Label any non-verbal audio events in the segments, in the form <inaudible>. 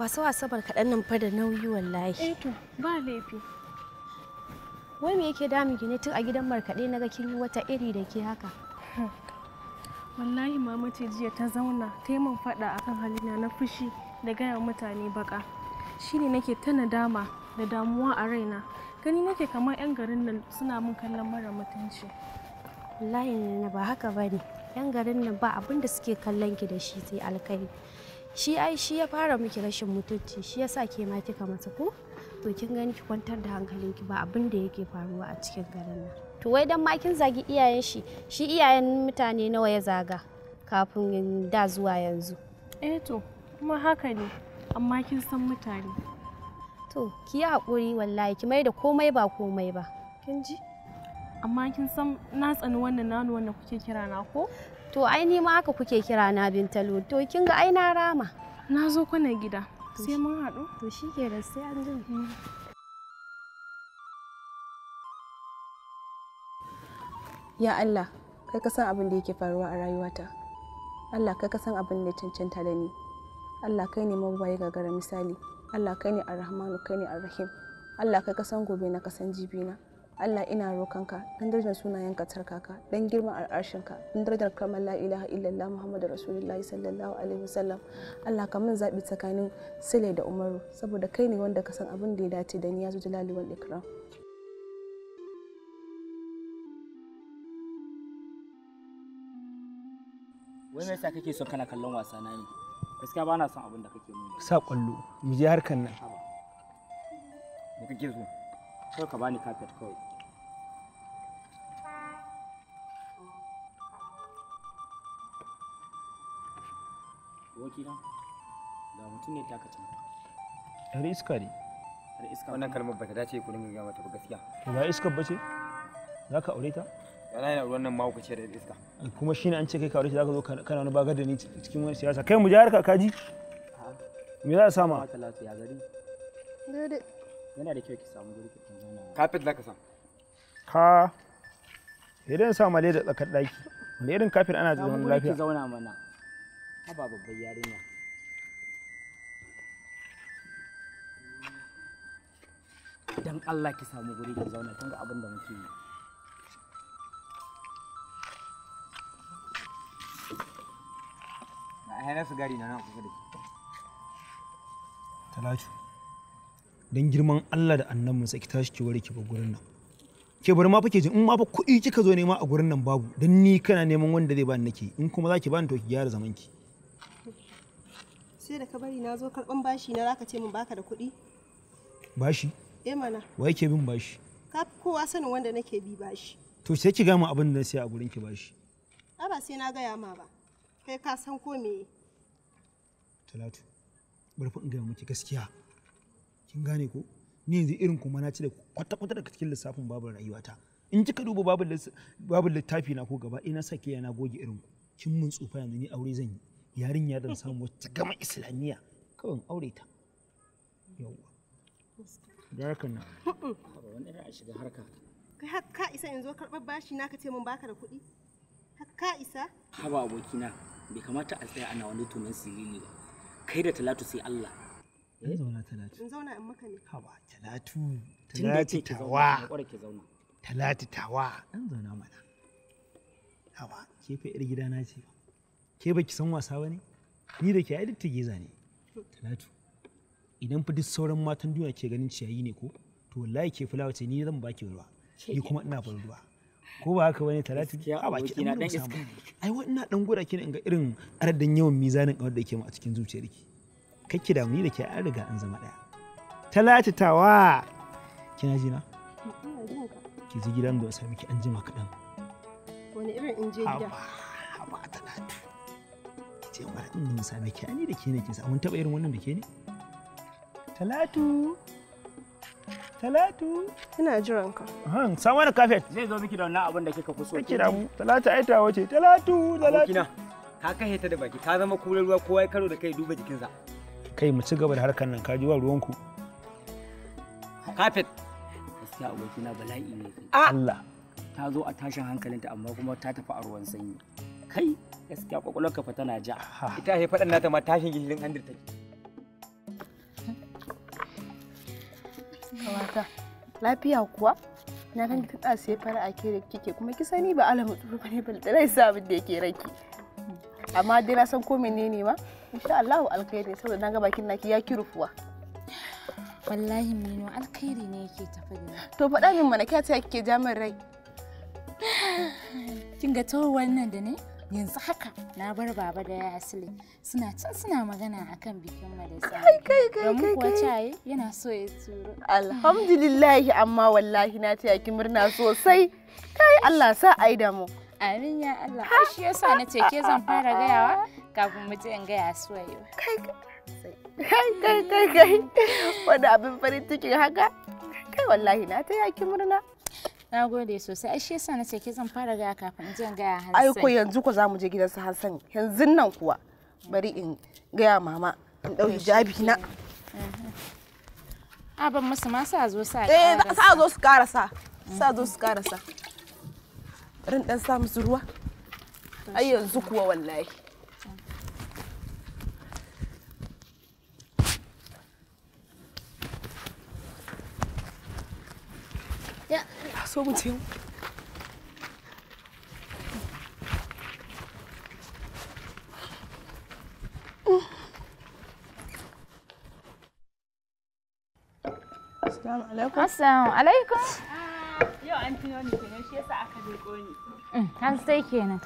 wasu asabar kaɗan nan fa da nauyi wallahi eh to ba laifi wai me yake damu gine ne tun a gidan markaɗe naga kin yi wata iri da ke haka wallahi mama ce jiya ta zauna ta yi min faɗa akan halina na fushi da gaya mutane baka shine nake ta nadama da damuwa a raina gani nake kamar 'yan garin nan suna mun kallon mara mutunci wallahi na ba haka bane 'yan garin nan ba abin da suke kallon ki da shi sai alkai shi ai shi ya fara miki rashin mutunci shi ya sa ke ma kika masa ko to kin gani ki kwantar da hankalinki ba abin da yake faruwa a cikin garin nan to wai dan ma kin zagi iyayen shi shi iyayen mutane nawa ya zaga kafin da zuwa yanzu eh to kuma haka ne amma kin san mutane to ki yi haƙuri wallahi ki mai da komai ba komai ba kin ji amma kin san na tsani wannan nanu wannan kuke kira na ko To ai ni ma haka kuke kira na Bintalo. To kin ga ai na rama. Na zo kwana gida. Sai mun haɗu. To shi da sai an ji. Mm. Ya Allah, kai ka san abin da yake faruwa a rayuwata. Allah kai ka san abin da cancanta da ni. Allah kai ne mabaye gagara misali. Allah kai ne arrahmanu, kai ne arrahim. Allah kai ka san gobe na kasan jibina. Allah ina rokanka dan darajar sunayen sunayenka tarkaka dan girman al'arshinka dan darajar kalmar la ilaha illallah Muhammadu Rasulullahi sallallahu alaihi wasallam Allah ka min zabi tsakanin Sule da Umaru saboda kai ne wanda ka san abin da ya dace da ni ya zuci wal ikram wai me yasa kake son kana kallon wasa na ne gaskiya ba na son abin da kake nuna sa kwallo mu je harkan nan kawai ka bani kafet kawai wakila ga mutum ne taka can har iska ne har iska wannan kalmar ba ta dace ku dinga ga mata ba gaskiya to iska bace za ka aure ta yana yana ruwan nan mako ce da iska kuma shine an ce kai ka aure ta za ka zo kana wani bagar da ni cikin wani siyasa kai mu ji harka kaji me za a sama yana da kyau ki samu guri ki za ka sa ka idan sa male da tsakar daki da irin kafin ana zaune lafiya zauna mana haba babban yarinya dan Allah ki samu guri da zauna kin abin da muke yi na su gari na nan kusa da ki talatu dan girman Allah da annabin sa ki tashi ki ware ki ba gurin nan ke bari ma fa ke ji in ma fa kuɗi kika zo nema a gurin nan babu dan ni kana neman wanda zai ba ni nake in kuma za ki ni to ki gyara zaman ki sai da ka bari na zo karban bashi na zaka ce min baka da kuɗi bashi eh mana wai ke bin bashi ka kowa sanin wanda nake bi bashi to sai ki gama abin da sai a gurin ki bashi a ba sai na gaya ma ba kai ka san ko me talatu bari in gaya miki gaskiya kin gane ko ni yanzu irin kuma na ci da kwata-kwata daga cikin lissafin babin rayuwata in kika duba babin littafi na ko gaba ina sake yana goge irin ku kin mun tsufa yanzu ni aure zan yi yarinya don samu wacce gama islamiyya kawai aure ta yawwa da haka na wani ra'a shiga harka ka isa yanzu karɓar bashi na ka mun baka da kuɗi ka isa haba abokina bai kamata a tsaya ana wani tunan sirili ba kai da talatu sai Allah ce ke baki san wasa ba ne ni da ke ai ta geza ne talatu idan fa duk sauran matan duniya ke ganin ciyayi ne ko to wallahi ke fulawa ce ni zan ba ki ruwa ni kuma ina bar ruwa ko ba haka bane talatu a baki ina dan iska ai wa ina dan gura kina in ga irin aradan yawan mizanin kawar da ke mu a cikin zuciyarki kake da ni da ke an riga an zama daya talatu tawa kina ji na ki ji gidan da sai miki an jima kaɗan wani irin in je ba talatu ce mara inda mu same ki ani da ke ne ke mun taba irin wannan da ke ne Talatu Talatu ina jiran ka han samu wani kafet zai zo miki da wannan abin da kika kuso kike da mu Talatu ai ta wace Talatu Talatu ka kashe ta da baki ka zama kula ruwa kowa ya karo da kai duba jikinsa kai mu ci gaba da harkar nan ka ji wa ruwanku kafet gaskiya abokina bala'i ne ah! Allah ta zo a tashin hankalinta amma kuma ta tafi a ruwan sanyi kai gaskiya kwakwalwar ka fa tana ja ita ya faɗan nata ma tashin gishirin andir take kawata lafiya kuwa na kan kitsa sai fara ake da kike kuma ki sani ba alamu tsoro bane baltara yasa abin da yake raki amma dai na san ko menene ma insha Allahu alkhairi saboda na ga bakin naki ya ki rufuwa wallahi mino alkhairi ne yake tafi da to faɗa min mana ta kike jamin rai kin ga wannan da ne yanzu haka na bar baba da yasile suna can suna magana akan bikin mu da kai kai kai kai kai yana so ya turo alhamdulillah amma wallahi na ta yaki murna sosai kai Allah sa ai da mu amin ya Allah har shi yasa na ce ke zan fara gayawa kafin mu je in gaya suwayo kai kai kai kai kai wani abin farin ciki haka kai wallahi na ta yaki murna na gode sosai ai shi yasa na ce ki zan fara gaya kafin in je in gaya Hassan ai ko yanzu ko mu je gidan su Hassan yanzu nan kuwa bari in gaya mama in dau hijabi na a ban musu ma sa zo sa eh sa zo su karasa sa zo su karasa bari dan sa musu ruwa ai yanzu kuwa wallahi 说不清。Assalamu alaikum. Assalamu alaikum. Yau an tuno ni kenan shi yasa aka leko ni. Mm, an sai kenan.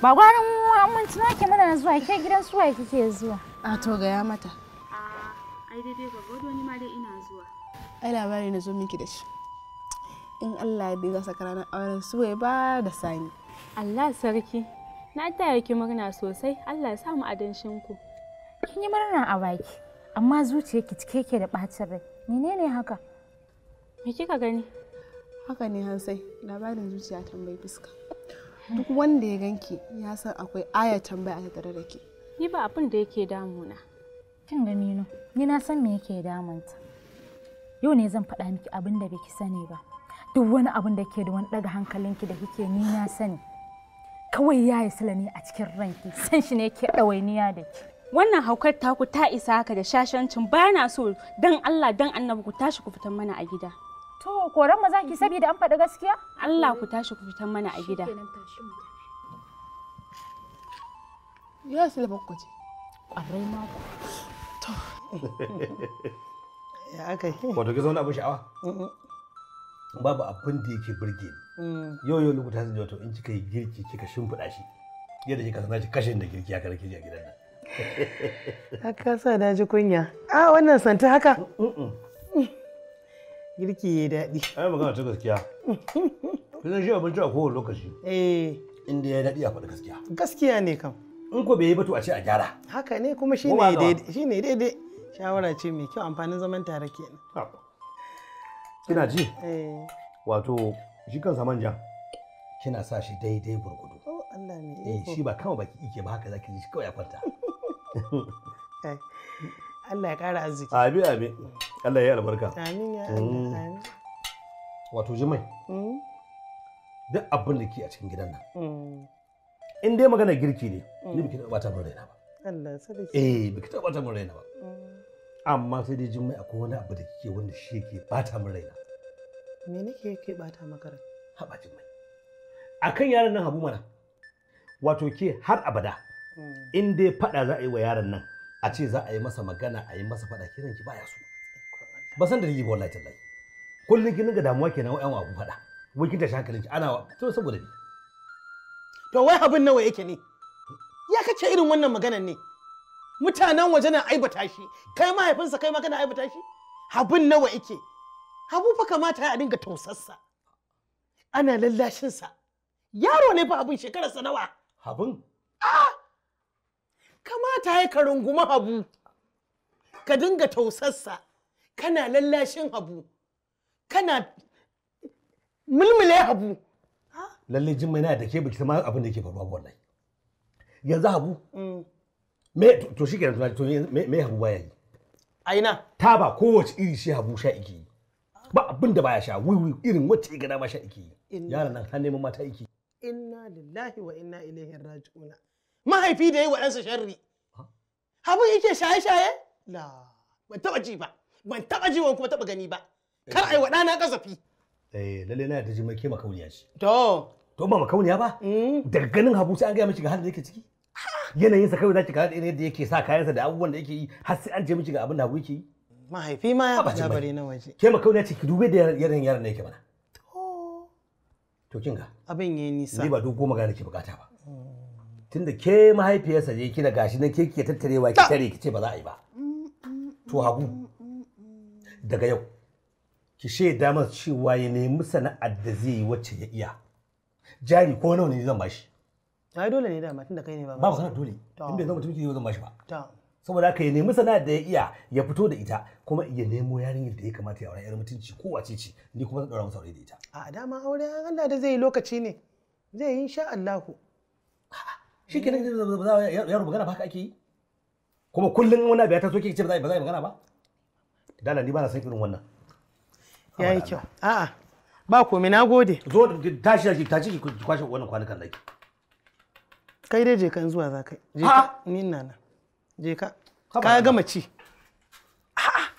Ba gwanin an mun tuno ke mana na zuwa ke gidan suwaye kike zuwa. A to gaya mata. A ah, ai daidai ba godo ni ma dai ina zuwa. Ai labari na zo miki da shi. in Allah ya za saka ranar auren suwe ba da sani. Allah sarki, na taya ki murna sosai, Allah ya samu adanshin ku. Kin yi murna a baki, amma zuciyarki cike ke da bacin rai. Menene haka? Me kika gani? Haka ne Hansai, labarin zuciya tambayi fuska. Duk wanda ya ganki ya san akwai aya tambaya a tattare da ke. Ni ba abin da yake damuna. Kin gani no, ni na san me yake damunta. Yau ne zan faɗa miki abin da baki sani ba. duk wani abin da ke da wani daga hankalinki da kike ni na sani kawai ya yi sila ne a cikin ranki san shi ne ke ɗawainiya da ki wannan haukar taku ta isa haka da shashancin ba na so dan Allah dan annabi ku tashi ku fitan mana a gida to koran maza ki saboda an faɗi gaskiya Allah ku tashi ku fitan mana a gida ya silba ku je ƙwarai ma ku to <laughs> ya aka yi wato ki zauna abin sha'awa babu abin da yake burge ni mm. yau yau lokuta sun wato in kika yi girki kika shimfiɗa shi yadda kika sana shi kashin da girki haka rike a gidan nan <laughs> haka sa na ji kunya a wannan santa haka girki ya daɗi ai magana ta gaskiya <laughs> kusan shi abinci a kowane lokaci eh inda ya daɗi a faɗi gaskiya gaskiya ne kam in ko bai yi batu a ce a gyara haka ne kuma shine daidai shawara ce mai kyau amfanin zaman tare kenan kina ji eh. wato shi kansa manja kina sa shi daidai gurgudu oh, Allah mai eh, iko shi ba kama baki ike ba haka zaki shi kawai ya kwanta <laughs> eh, Allah ya kara arziki abi abi Allah ya yi albarka amin ya mm. amin wato jimai mm. duk abin da ke a cikin gidan nan mm. in dai magana girki ne ni biki taɓa bata mun raina ba Allah sadaki eh biki taɓa bata mun raina ba amma sai dai jin mai akwai wani abu da kike wanda shi yake bata min raina me nake yake bata maka rai haba jin mai akan yaron nan habu mana wato ke har abada hmm. in dai fada za a yi wa yaron nan a ce za a yi masa magana a yi masa fada kiran ki baya so ba san da yi wallahi tallahi kullum kin ga damuwa kenan wa'an abu fada wai kin tashi hankalinki ana to saboda ni to wai abin nawa yake ne ya kace irin wannan maganar ne mutanen waje na aibata shi kai mahaifinsa kai ma kana aibata shi habun nawa yake habu fa kamata a dinga tausarsa ana lallashinsa yaro ne fa abin shekararsa nawa habun kamata ya ka runguma habu ka dinga tausarsa kana lallashin habu kana mulmule habu lalle jin mai na da ke bikin sama abin da yake faruwa wallahi yanzu habu mm. me to shi kenan to me habu baya yi aina ta ba kowace iri shi habu sha iki ba abin da baya sha wiwi irin wacce ga ba sha iki yaran nan har neman mata iki inna lillahi wa inna ilaihi raji'un mahaifi da yayi wa ɗansa sharri habu yake shaye shaye la ban taba ji ba ban taba ji wani kuma taba gani ba kar ai wa kasafi eh lalle na da ji mai ke makauniya shi. to to ba makauniya ba mm. daga ganin habu sai an gaya mishi ga halin da yake ciki yanayin sa kawai zaki ga yadda yake sa kayansa da abubuwan da yake yi har sai an je miki ga abin da yake yi mahaifi ma ya faɗa bare na waje ke ma kawai ce ki dube da yanayin yaran da yake mana to kin ga abin yayi nisa ni ba duk goma ga nake bukata ba mm. tunda ke mahaifiyarsa je kina gashi nan ke ke tattarewa ki tare ki ce ba za a yi ba mm, mm, to hagu daga yau ki shaida damar cewa ya nemi sana'ar da zai yi wacce ya iya jari ko nawa ne zan bashi ai dole ne dama tunda kai ne ba ba kana dole in bai zama mutum ne zan bashi ba saboda haka ya nemi sana'a da ya iya ya fito da ita kuma ya nemo yarinyar da ya kamata ya aure yar mutunci ko wace ce ni kuma zan daura masa aure da ita a dama aure Allah da zai lokaci ne zai yi insha Allah shi kenan yaro magana ba haka ake yi kuma kullum wani abu ta so kike ce ba za a yi magana ba dala ni ba na san irin wannan yayi kyau a'a ba komai na gode zo tashi tashi ki kwashe wannan kwanukan naki kai dai je ka zuwa za kai je ka ni na je ka ka gama ci Ha!